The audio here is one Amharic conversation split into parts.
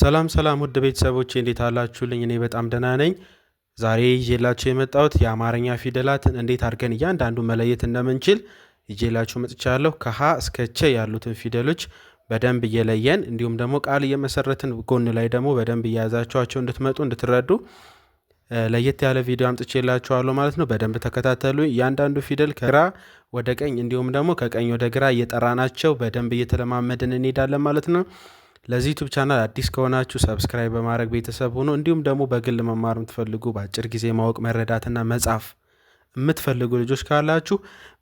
ሰላም ሰላም ውድ ቤተሰቦች እንዴት አላችሁልኝ? እኔ በጣም ደህና ነኝ። ዛሬ ይዤላችሁ የመጣሁት የአማርኛ ፊደላትን እንዴት አድርገን እያንዳንዱ መለየት እንደምንችል ይዤላችሁ መጥቻለሁ። ከሀ እስከ ቸ ያሉትን ፊደሎች በደንብ እየለየን እንዲሁም ደግሞ ቃል እየመሰረትን ጎን ላይ ደግሞ በደንብ እያያዛችኋቸው እንድትመጡ እንድትረዱ ለየት ያለ ቪዲዮ አምጥቼላችኋለሁ ማለት ነው። በደንብ ተከታተሉ። እያንዳንዱ ፊደል ከግራ ወደ ቀኝ እንዲሁም ደግሞ ከቀኝ ወደ ግራ እየጠራናቸው በደንብ እየተለማመድን እንሄዳለን ማለት ነው። ለዚህ ዩቱብ ቻናል አዲስ ከሆናችሁ ሰብስክራይብ በማድረግ ቤተሰብ ሆኖ እንዲሁም ደግሞ በግል መማር የምትፈልጉ በአጭር ጊዜ ማወቅ መረዳትና መጻፍ የምትፈልጉ ልጆች ካላችሁ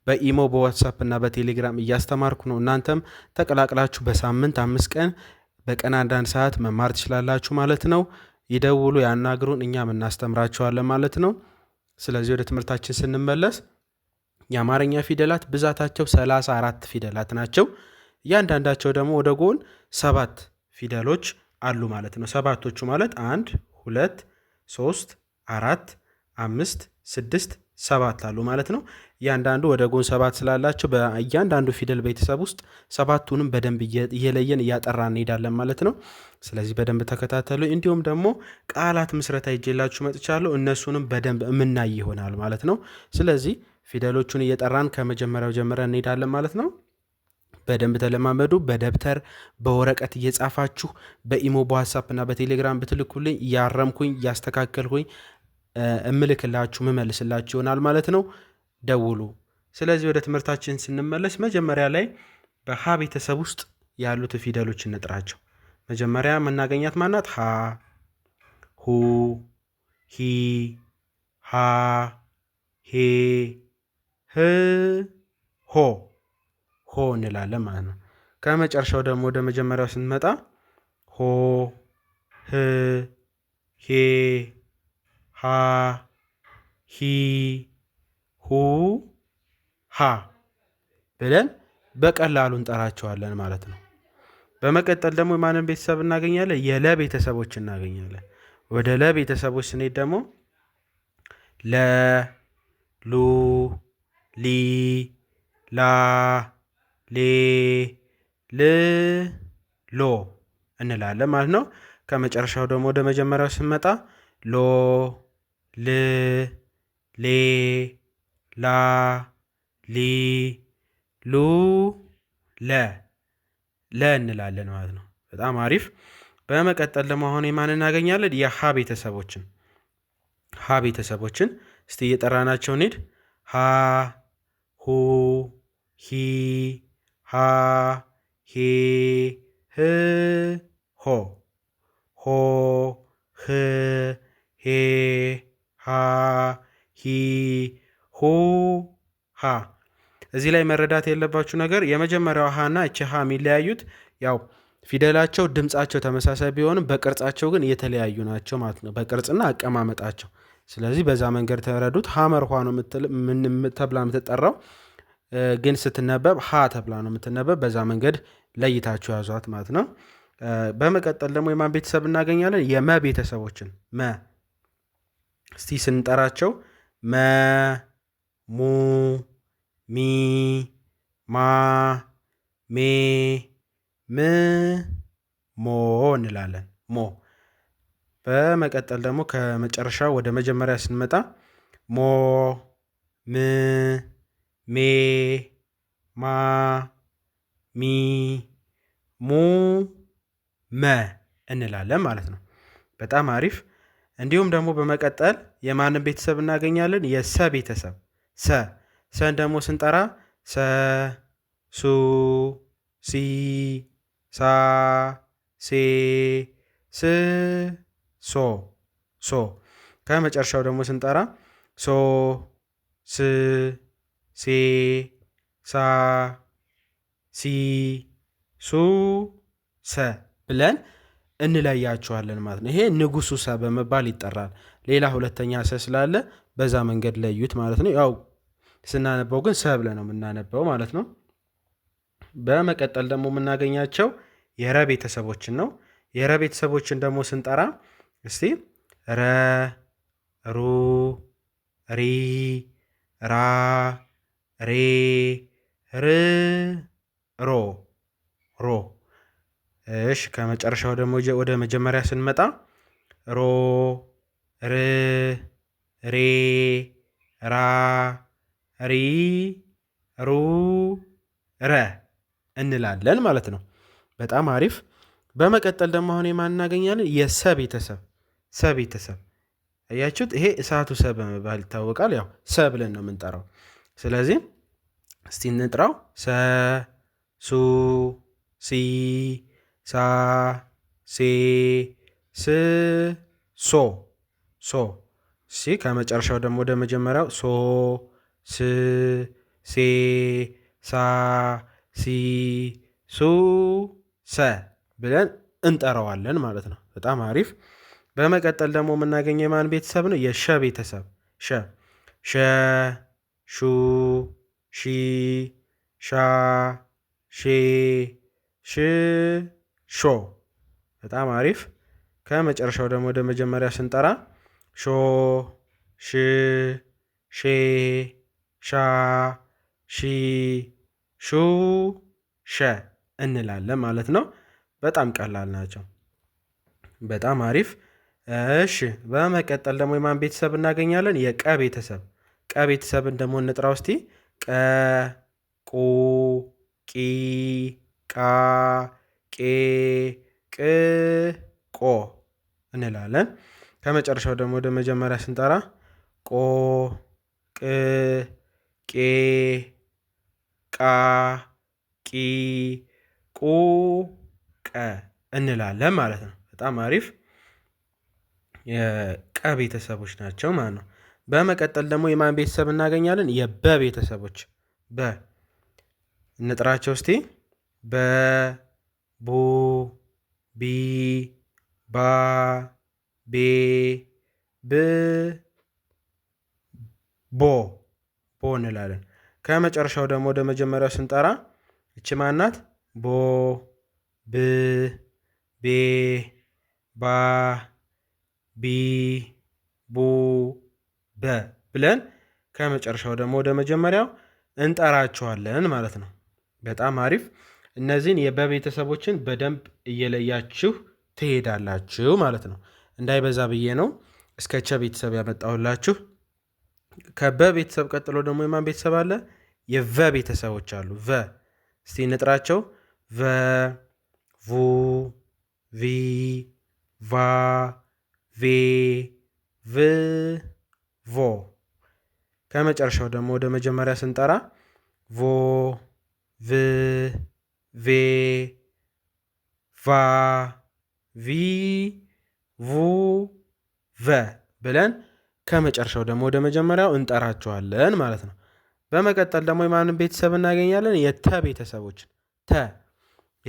በኢሞ በዋትሳፕ እና በቴሌግራም እያስተማርኩ ነው። እናንተም ተቀላቅላችሁ በሳምንት አምስት ቀን በቀን አንዳንድ ሰዓት መማር ትችላላችሁ ማለት ነው። ይደውሉ፣ ያናግሩን፣ እኛም እናስተምራችኋለን ማለት ነው። ስለዚህ ወደ ትምህርታችን ስንመለስ የአማርኛ ፊደላት ብዛታቸው ሰላሳ አራት ፊደላት ናቸው። እያንዳንዳቸው ደግሞ ወደ ጎን ሰባት ፊደሎች አሉ ማለት ነው። ሰባቶቹ ማለት አንድ፣ ሁለት፣ ሶስት፣ አራት፣ አምስት፣ ስድስት፣ ሰባት አሉ ማለት ነው። እያንዳንዱ ወደ ጎን ሰባት ስላላቸው በእያንዳንዱ ፊደል ቤተሰብ ውስጥ ሰባቱንም በደንብ እየለየን እያጠራ እንሄዳለን ማለት ነው። ስለዚህ በደንብ ተከታተሉ። እንዲሁም ደግሞ ቃላት ምስረታ ይዤላችሁ መጥቻለሁ። እነሱንም በደንብ የምናይ ይሆናል ማለት ነው። ስለዚህ ፊደሎቹን እየጠራን ከመጀመሪያው ጀምረን እንሄዳለን ማለት ነው። በደንብ ተለማመዱ። በደብተር በወረቀት እየጻፋችሁ በኢሞ እና በቴሌግራም ብትልኩልኝ እያረምኩኝ እያስተካከልኩኝ እምልክላችሁ ምመልስላችሁ ይሆናል ማለት ነው። ደውሉ። ስለዚህ ወደ ትምህርታችን ስንመለስ መጀመሪያ ላይ በሀ ቤተሰብ ውስጥ ያሉት ፊደሎች እንጥራቸው። መጀመሪያ መናገኛት ማናት? ሀ ሁ ሂ ሃ ሄ ህ ሆ ሆ እንላለን ማለት ነው። ከመጨረሻው ደግሞ ወደ መጀመሪያው ስንመጣ ሆ፣ ህ፣ ሄ፣ ሀ፣ ሂ፣ ሁ፣ ሃ ብለን በቀላሉ እንጠራቸዋለን ማለት ነው። በመቀጠል ደግሞ የማንን ቤተሰብ እናገኛለን? የለ ቤተሰቦች እናገኛለን። ወደ ለ ቤተሰቦች ስንሄድ ደግሞ ለ፣ ሉ፣ ሊ፣ ላ ሌ ል ሎ እንላለን ማለት ነው። ከመጨረሻው ደግሞ ወደ መጀመሪያው ስንመጣ ሎ ል ሌ ላ ሊ ሉ ለ ለ እንላለን ማለት ነው። በጣም አሪፍ። በመቀጠል ደግሞ አሁን የማን እናገኛለን? የሀ ቤተሰቦችን ሀ ቤተሰቦችን እስቲ እየጠራናቸው እንሂድ። ሀ ሁ ሂ ሃ ሄ ህ ሆ ሆ ህ ሄ ሃ ሂ ሁ ሃ እዚህ ላይ መረዳት ያለባችሁ ነገር የመጀመሪያው ሃና እቺ ሃ የሚለያዩት ያው ፊደላቸው ድምፃቸው ተመሳሳይ ቢሆንም በቅርጻቸው ግን የተለያዩ ናቸው ማለት ነው፣ በቅርጽና አቀማመጣቸው። ስለዚህ በዛ መንገድ ተረዱት። ሀመር ኋ ነው ተብላ የምትጠራው። ግን ስትነበብ ሀ ተብላ ነው የምትነበብ። በዛ መንገድ ለይታችሁ ያዟት ማለት ነው። በመቀጠል ደግሞ የማን ቤተሰብ እናገኛለን? የመ ቤተሰቦችን መ እስቲ ስንጠራቸው መ፣ ሙ፣ ሚ፣ ማ፣ ሜ፣ ም፣ ሞ እንላለን። ሞ በመቀጠል ደግሞ ከመጨረሻ ወደ መጀመሪያ ስንመጣ ሞ፣ ም ሜ ማ ሚ ሙ መ እንላለን ማለት ነው። በጣም አሪፍ። እንዲሁም ደግሞ በመቀጠል የማንም ቤተሰብ እናገኛለን? የሰ ቤተሰብ ሰ ሰን ደግሞ ስንጠራ ሰ ሱ ሲ ሳ ሴ ስ ሶ ሶ ከመጨረሻው ደግሞ ስንጠራ ሶ ስ ሴ ሳ ሲ ሱ ሰ ብለን እንለያቸዋለን ማለት ነው። ይሄ ንጉሱ ሰ በመባል ይጠራል። ሌላ ሁለተኛ ሰ ስላለ በዛ መንገድ ለዩት ማለት ነው። ያው ስናነበው ግን ሰ ብለን ነው የምናነበው ማለት ነው። በመቀጠል ደግሞ የምናገኛቸው የረ ቤተሰቦችን ነው። የረ ቤተሰቦችን ደግሞ ስንጠራ እስቲ ረ፣ ሩ፣ ሪ፣ ራ ሬ ር ሮ ሮ እሽ ከመጨረሻው ደግሞ ወደ መጀመሪያ ስንመጣ ሮ ር ሬ ራ ሪ ሩ ረ እንላለን ማለት ነው። በጣም አሪፍ። በመቀጠል ደግሞ አሁን የማን እናገኛለን? የሰ ቤተሰብ ሰ ቤተሰብ አያችሁት? ይሄ እሳቱ ሰ በመባል ይታወቃል። ያው ሰ ብለን ነው የምንጠራው። ስለዚህ እስቲ እንጥራው። ሰ ሱ ሲ ሳ ሴ ስ ሶ ሶ ሲ ከመጨረሻው ደግሞ ወደ መጀመሪያው ሶ ስ ሴ ሳ ሲ ሱ ሰ ብለን እንጠራዋለን ማለት ነው። በጣም አሪፍ። በመቀጠል ደግሞ የምናገኘው የማን ቤተሰብ ነው? የሸ ቤተሰብ ሸ ሸ ሹ ሺ ሻ ሼ ሽ ሾ በጣም አሪፍ። ከመጨረሻው ደግሞ ወደ መጀመሪያ ስንጠራ ሾ ሽ ሼ ሻ ሺ ሹ ሸ እንላለን ማለት ነው። በጣም ቀላል ናቸው። በጣም አሪፍ። እሺ በመቀጠል ደግሞ የማን ቤተሰብ እናገኛለን? የቀ ቤተሰብ ቀ ቤተሰብን ደግሞ እንጥራ ውስቲ ቀ ቁ ቂ ቃ ቄ ቅ ቆ እንላለን። ከመጨረሻው ደግሞ ወደ መጀመሪያ ስንጠራ ቆ ቅ ቄ ቃ ቂ ቁ ቀ እንላለን ማለት ነው። በጣም አሪፍ የቀ ቤተሰቦች ናቸው ማለት ነው። በመቀጠል ደግሞ የማን ቤተሰብ እናገኛለን? የበ ቤተሰቦች በ እንጥራቸው እስቲ በ ቡ ቢ ባ ቤ ብ ቦ ቦ እንላለን። ከመጨረሻው ደግሞ ወደ መጀመሪያው ስንጠራ እች ማናት? ቦ ብ ቤ ባ ቢ ቡ በ ብለን ከመጨረሻው ደግሞ ወደ መጀመሪያው እንጠራቸዋለን ማለት ነው። በጣም አሪፍ። እነዚህን የበቤተሰቦችን በደንብ እየለያችሁ ትሄዳላችሁ ማለት ነው። እንዳይበዛ ብዬ ነው እስከ ቸ ቤተሰብ ያመጣሁላችሁ። ከበ ቤተሰብ ቀጥሎ ደግሞ የማን ቤተሰብ አለ? የቨ ቤተሰቦች አሉ። ቨ እስቲ እንጥራቸው። ቨ፣ ቩ፣ ቪ፣ ቫ፣ ቬ፣ ቭ ቮ ከመጨረሻው ደግሞ ወደ መጀመሪያ ስንጠራ ቮ ቭ ቬ ቫ ቪ ቩ ቨ ብለን ከመጨረሻው ደግሞ ወደ መጀመሪያው እንጠራቸዋለን ማለት ነው። በመቀጠል ደግሞ የማንን ቤተሰብ እናገኛለን? የተ ቤተሰቦችን ተ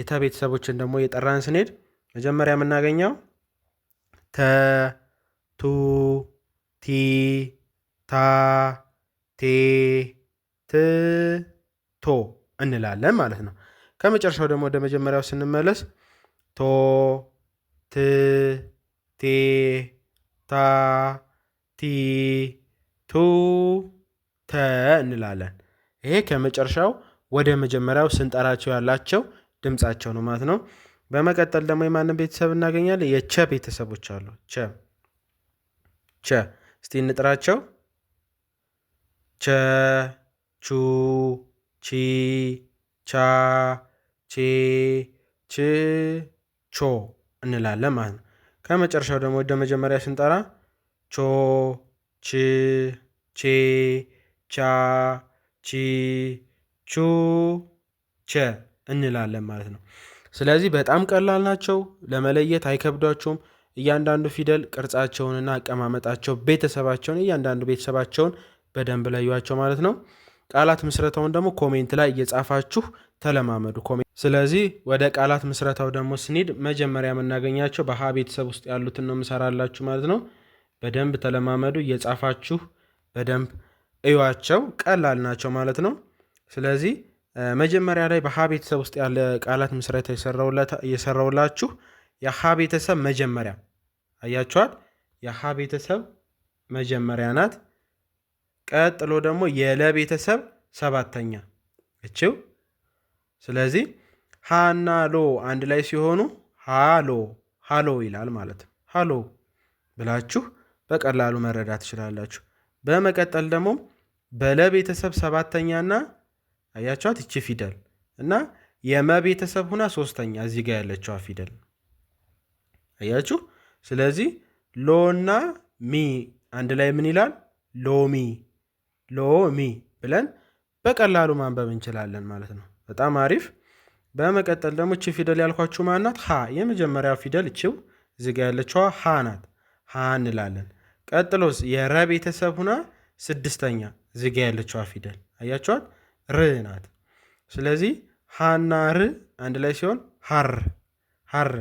የተ ቤተሰቦችን ደግሞ የጠራን ስንሄድ መጀመሪያ የምናገኘው ተ ቱ ቲ ታ ቴ ት ቶ እንላለን ማለት ነው። ከመጨረሻው ደግሞ ወደ መጀመሪያው ስንመለስ ቶ ት ቴ ታ ቲ ቱ ተ እንላለን። ይሄ ከመጨረሻው ወደ መጀመሪያው ስንጠራቸው ያላቸው ድምጻቸው ነው ማለት ነው። በመቀጠል ደግሞ የማንን ቤተሰብ እናገኛለን? የቸ ቤተሰቦች አሉ። ቸ ቸ እስቲ እንጥራቸው። ቸ ቹ ቺ ቻ ቼ ች ቾ እንላለን ማለት ነው። ከመጨረሻው ደግሞ ወደ መጀመሪያ ስንጠራ ቾ ች ቼ ቻ ቺ ቹ ቸ እንላለን ማለት ነው። ስለዚህ በጣም ቀላል ናቸው፣ ለመለየት አይከብዷቸውም። እያንዳንዱ ፊደል ቅርጻቸውንና አቀማመጣቸው ቤተሰባቸውን እያንዳንዱ ቤተሰባቸውን በደንብ ለዩዋቸው ማለት ነው። ቃላት ምስረታውን ደግሞ ኮሜንት ላይ እየጻፋችሁ ተለማመዱ። ስለዚህ ወደ ቃላት ምስረታው ደግሞ ስንሄድ መጀመሪያ የምናገኛቸው በሀ ቤተሰብ ውስጥ ያሉትን ነው ምሰራላችሁ ማለት ነው። በደንብ ተለማመዱ፣ እየጻፋችሁ በደንብ እዩዋቸው። ቀላል ናቸው ማለት ነው። ስለዚህ መጀመሪያ ላይ በሀ ቤተሰብ ውስጥ ያለ ቃላት ምስረታ የሰራውላችሁ የሀ ቤተሰብ መጀመሪያ አያችኋት። የሀ ቤተሰብ መጀመሪያ ናት። ቀጥሎ ደግሞ የለ ቤተሰብ ሰባተኛ እችው። ስለዚህ ሀ እና ሎ አንድ ላይ ሲሆኑ ሃሎ ሃሎ ይላል ማለት ነው። ሃሎ ብላችሁ በቀላሉ መረዳት ትችላላችሁ። በመቀጠል ደግሞ በለ ቤተሰብ ሰባተኛና አያችኋት እቺ ፊደል እና የመ ቤተሰብ ሁና ሶስተኛ እዚህ ጋር ያለችዋ ፊደል አያችሁ። ስለዚህ ሎና ሚ አንድ ላይ ምን ይላል? ሎሚ ሎሚ ብለን በቀላሉ ማንበብ እንችላለን ማለት ነው። በጣም አሪፍ። በመቀጠል ደግሞ እቺ ፊደል ያልኳችሁ ማናት? ሀ የመጀመሪያ ፊደል እችው ዝጋ ያለችዋ ሀ ናት። ሀ እንላለን። ቀጥሎስ የረ ቤተሰብ ሁና ስድስተኛ ዝጋ ያለችዋ ፊደል አያችኋት ር ናት። ስለዚህ ሀና ር አንድ ላይ ሲሆን ሀር ሀር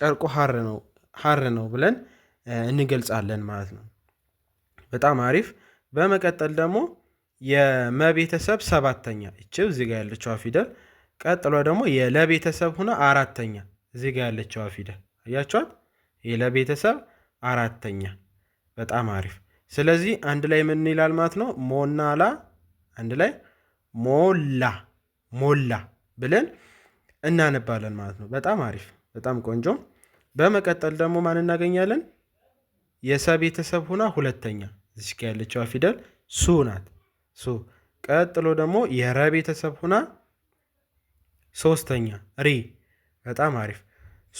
ጨርቁ ሀር ነው ሀር ነው ብለን እንገልጻለን ማለት ነው። በጣም አሪፍ። በመቀጠል ደግሞ የመቤተሰብ ሰባተኛ ይችው እዚህ ያለችዋ ፊደል። ቀጥሎ ደግሞ የለቤተሰብ ሆነ አራተኛ እዚህ ጋ ያለችዋ ፊደል አያችኋት? የለቤተሰብ አራተኛ። በጣም አሪፍ። ስለዚህ አንድ ላይ ምን ይላል ማለት ነው? ሞናላ አንድ ላይ ሞላ ሞላ ብለን እናነባለን ማለት ነው። በጣም አሪፍ፣ በጣም ቆንጆ በመቀጠል ደግሞ ማን እናገኛለን? የሰ ቤተሰብ ሁና ሁለተኛ እዚህ ጋ ያለችዋ ፊደል ሱ ናት። ሱ ቀጥሎ ደግሞ የረ ቤተሰብ ሁና ሶስተኛ ሪ። በጣም አሪፍ።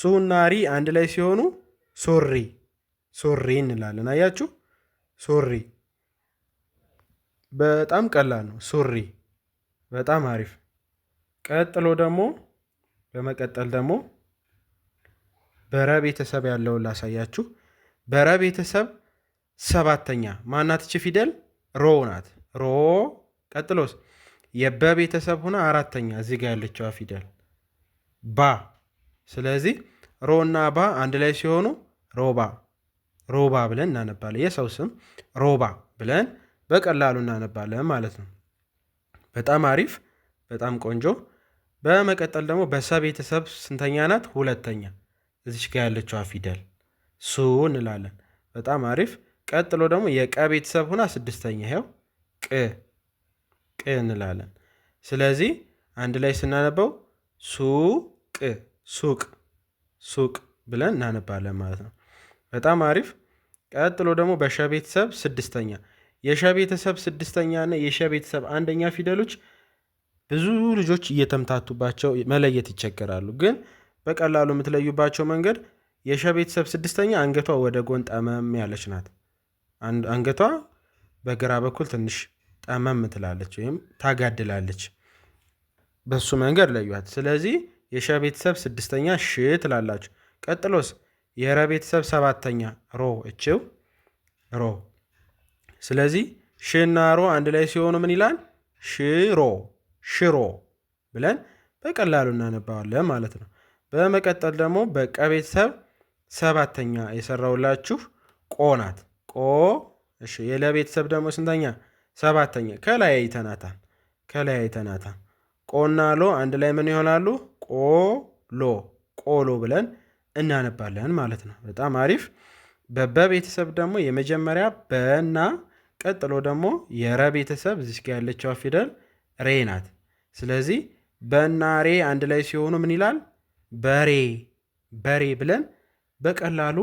ሱ እና ሪ አንድ ላይ ሲሆኑ ሱሪ ሱሪ እንላለን። አያችሁ ሱሪ በጣም ቀላል ነው። ሱሪ በጣም አሪፍ። ቀጥሎ ደግሞ በመቀጠል ደግሞ በረ ቤተሰብ ያለውን ላሳያችሁ። በረ ቤተሰብ ሰባተኛ ማናት? ፊደል ሮ ናት። ሮ ቀጥሎስ የበ ቤተሰብ ሆነ አራተኛ እዚህ ጋር ያለችዋ ፊደል ባ። ስለዚህ ሮ እና ባ አንድ ላይ ሲሆኑ ሮባ ሮባ ብለን እናነባለን። የሰው ስም ሮባ ብለን በቀላሉ እናነባለን ማለት ነው። በጣም አሪፍ፣ በጣም ቆንጆ። በመቀጠል ደግሞ በሰ ቤተሰብ ስንተኛ ናት? ሁለተኛ እዚች ጋር ያለችዋ ፊደል ሱ እንላለን። በጣም አሪፍ። ቀጥሎ ደግሞ የቀ ቤተሰብ ሁና ስድስተኛ ይኸው ቅ ቅ እንላለን። ስለዚህ አንድ ላይ ስናነበው ሱቅ ሱቅ ሱቅ ብለን እናነባለን ማለት ነው። በጣም አሪፍ። ቀጥሎ ደግሞ በሸ ቤተሰብ ስድስተኛ የሸ ቤተሰብ ስድስተኛ እና የሸ ቤተሰብ አንደኛ ፊደሎች ብዙ ልጆች እየተምታቱባቸው መለየት ይቸገራሉ ግን በቀላሉ የምትለዩባቸው መንገድ የሸ ቤተሰብ ስድስተኛ አንገቷ ወደ ጎን ጠመም ያለች ናት። አንገቷ በግራ በኩል ትንሽ ጠመም ትላለች ወይም ታጋድላለች። በሱ መንገድ ለዩት። ስለዚህ የሸ ቤተሰብ ስድስተኛ ሽ ትላላችሁ። ቀጥሎስ የረ ቤተሰብ ሰባተኛ ሮ እችው ሮ። ስለዚህ ሽና ሮ አንድ ላይ ሲሆኑ ምን ይላል? ሽሮ ሽሮ ብለን በቀላሉ እናነባዋለን ማለት ነው። በመቀጠል ደግሞ በቀ ቤተሰብ ሰባተኛ የሰራውላችሁ ቆ ናት። ቆ እሺ፣ የለ ቤተሰብ ደግሞ ስንተኛ? ሰባተኛ። ከላይ አይተናታል። ከላይ አይተናታል። ቆና ሎ አንድ ላይ ምን ይሆናሉ? ሎ ቆሎ ብለን እናነባለን ማለት ነው። በጣም አሪፍ። በበ ቤተሰብ ደግሞ የመጀመሪያ በና ቀጥሎ ደግሞ የረ ቤተሰብ እዚህ ጋ ያለችው ፊደል ሬ ናት። ስለዚህ በና ሬ አንድ ላይ ሲሆኑ ምን ይላል? በሬ በሬ ብለን በቀላሉ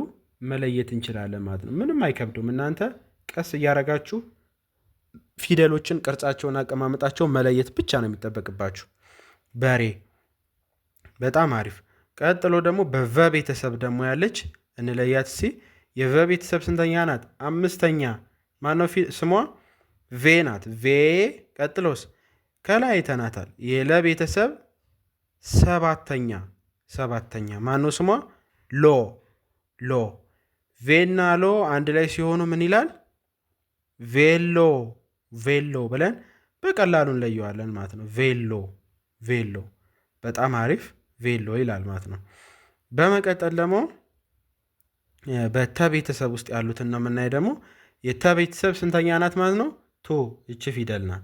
መለየት እንችላለን ማለት ነው። ምንም አይከብዱም። እናንተ ቀስ እያረጋችሁ ፊደሎችን ቅርጻቸውን፣ አቀማመጣቸው መለየት ብቻ ነው የሚጠበቅባችሁ። በሬ በጣም አሪፍ። ቀጥሎ ደግሞ በቨ ቤተሰብ ደግሞ ያለች እንለያት ሲ የቨ ቤተሰብ ስንተኛ ናት? አምስተኛ። ማነው ስሟ? ቬ ናት። ቬ ቀጥሎስ? ከላይ ተናታል። የለ ቤተሰብ ሰባተኛ ሰባተኛ ማነው ስሟ? ሎ ሎ ቬና ሎ አንድ ላይ ሲሆኑ ምን ይላል? ቬሎ ቬሎ ብለን በቀላሉ እንለየዋለን ማለት ነው። ቬሎ ቬሎ በጣም አሪፍ ቬሎ ይላል ማለት ነው። በመቀጠል ደግሞ በተቤተሰብ ውስጥ ያሉትን ነው የምናይ። ደግሞ የተቤተሰብ ስንተኛ ናት ማለት ነው? ቱ እች ፊደል ናት።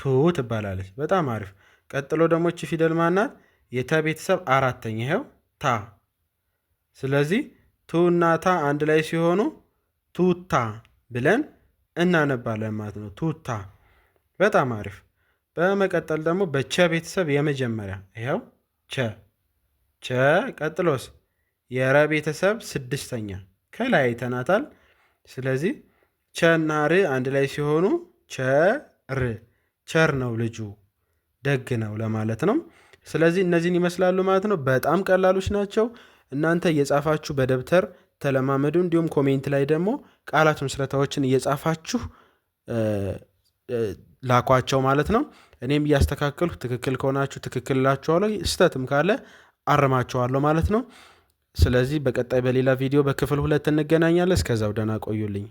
ቱ ትባላለች። በጣም አሪፍ። ቀጥሎ ደግሞ እች ፊደል ማናት? የተ ቤተሰብ አራተኛ ይኸው ታ። ስለዚህ ቱ እና ታ አንድ ላይ ሲሆኑ ቱታ ብለን እናነባለን ማለት ነው። ቱታ። በጣም አሪፍ። በመቀጠል ደግሞ በቸ ቤተሰብ የመጀመሪያ ይኸው ቸ ቸ። ቀጥሎስ የረ ቤተሰብ ስድስተኛ ከላይ አይተናታል። ስለዚህ ቸ እና ር አንድ ላይ ሲሆኑ ቸር ቸር ነው ልጁ ደግ ነው ለማለት ነው። ስለዚህ እነዚህን ይመስላሉ ማለት ነው። በጣም ቀላሎች ናቸው። እናንተ እየጻፋችሁ በደብተር ተለማመዱ። እንዲሁም ኮሜንት ላይ ደግሞ ቃላት ምስረታዎችን እየጻፋችሁ ላኳቸው ማለት ነው። እኔም እያስተካከልሁ ትክክል ከሆናችሁ ትክክል እላችኋለሁ፣ ስህተትም ካለ አርማችኋለሁ ማለት ነው። ስለዚህ በቀጣይ በሌላ ቪዲዮ በክፍል ሁለት እንገናኛለን። እስከዛው ደህና ቆዩልኝ።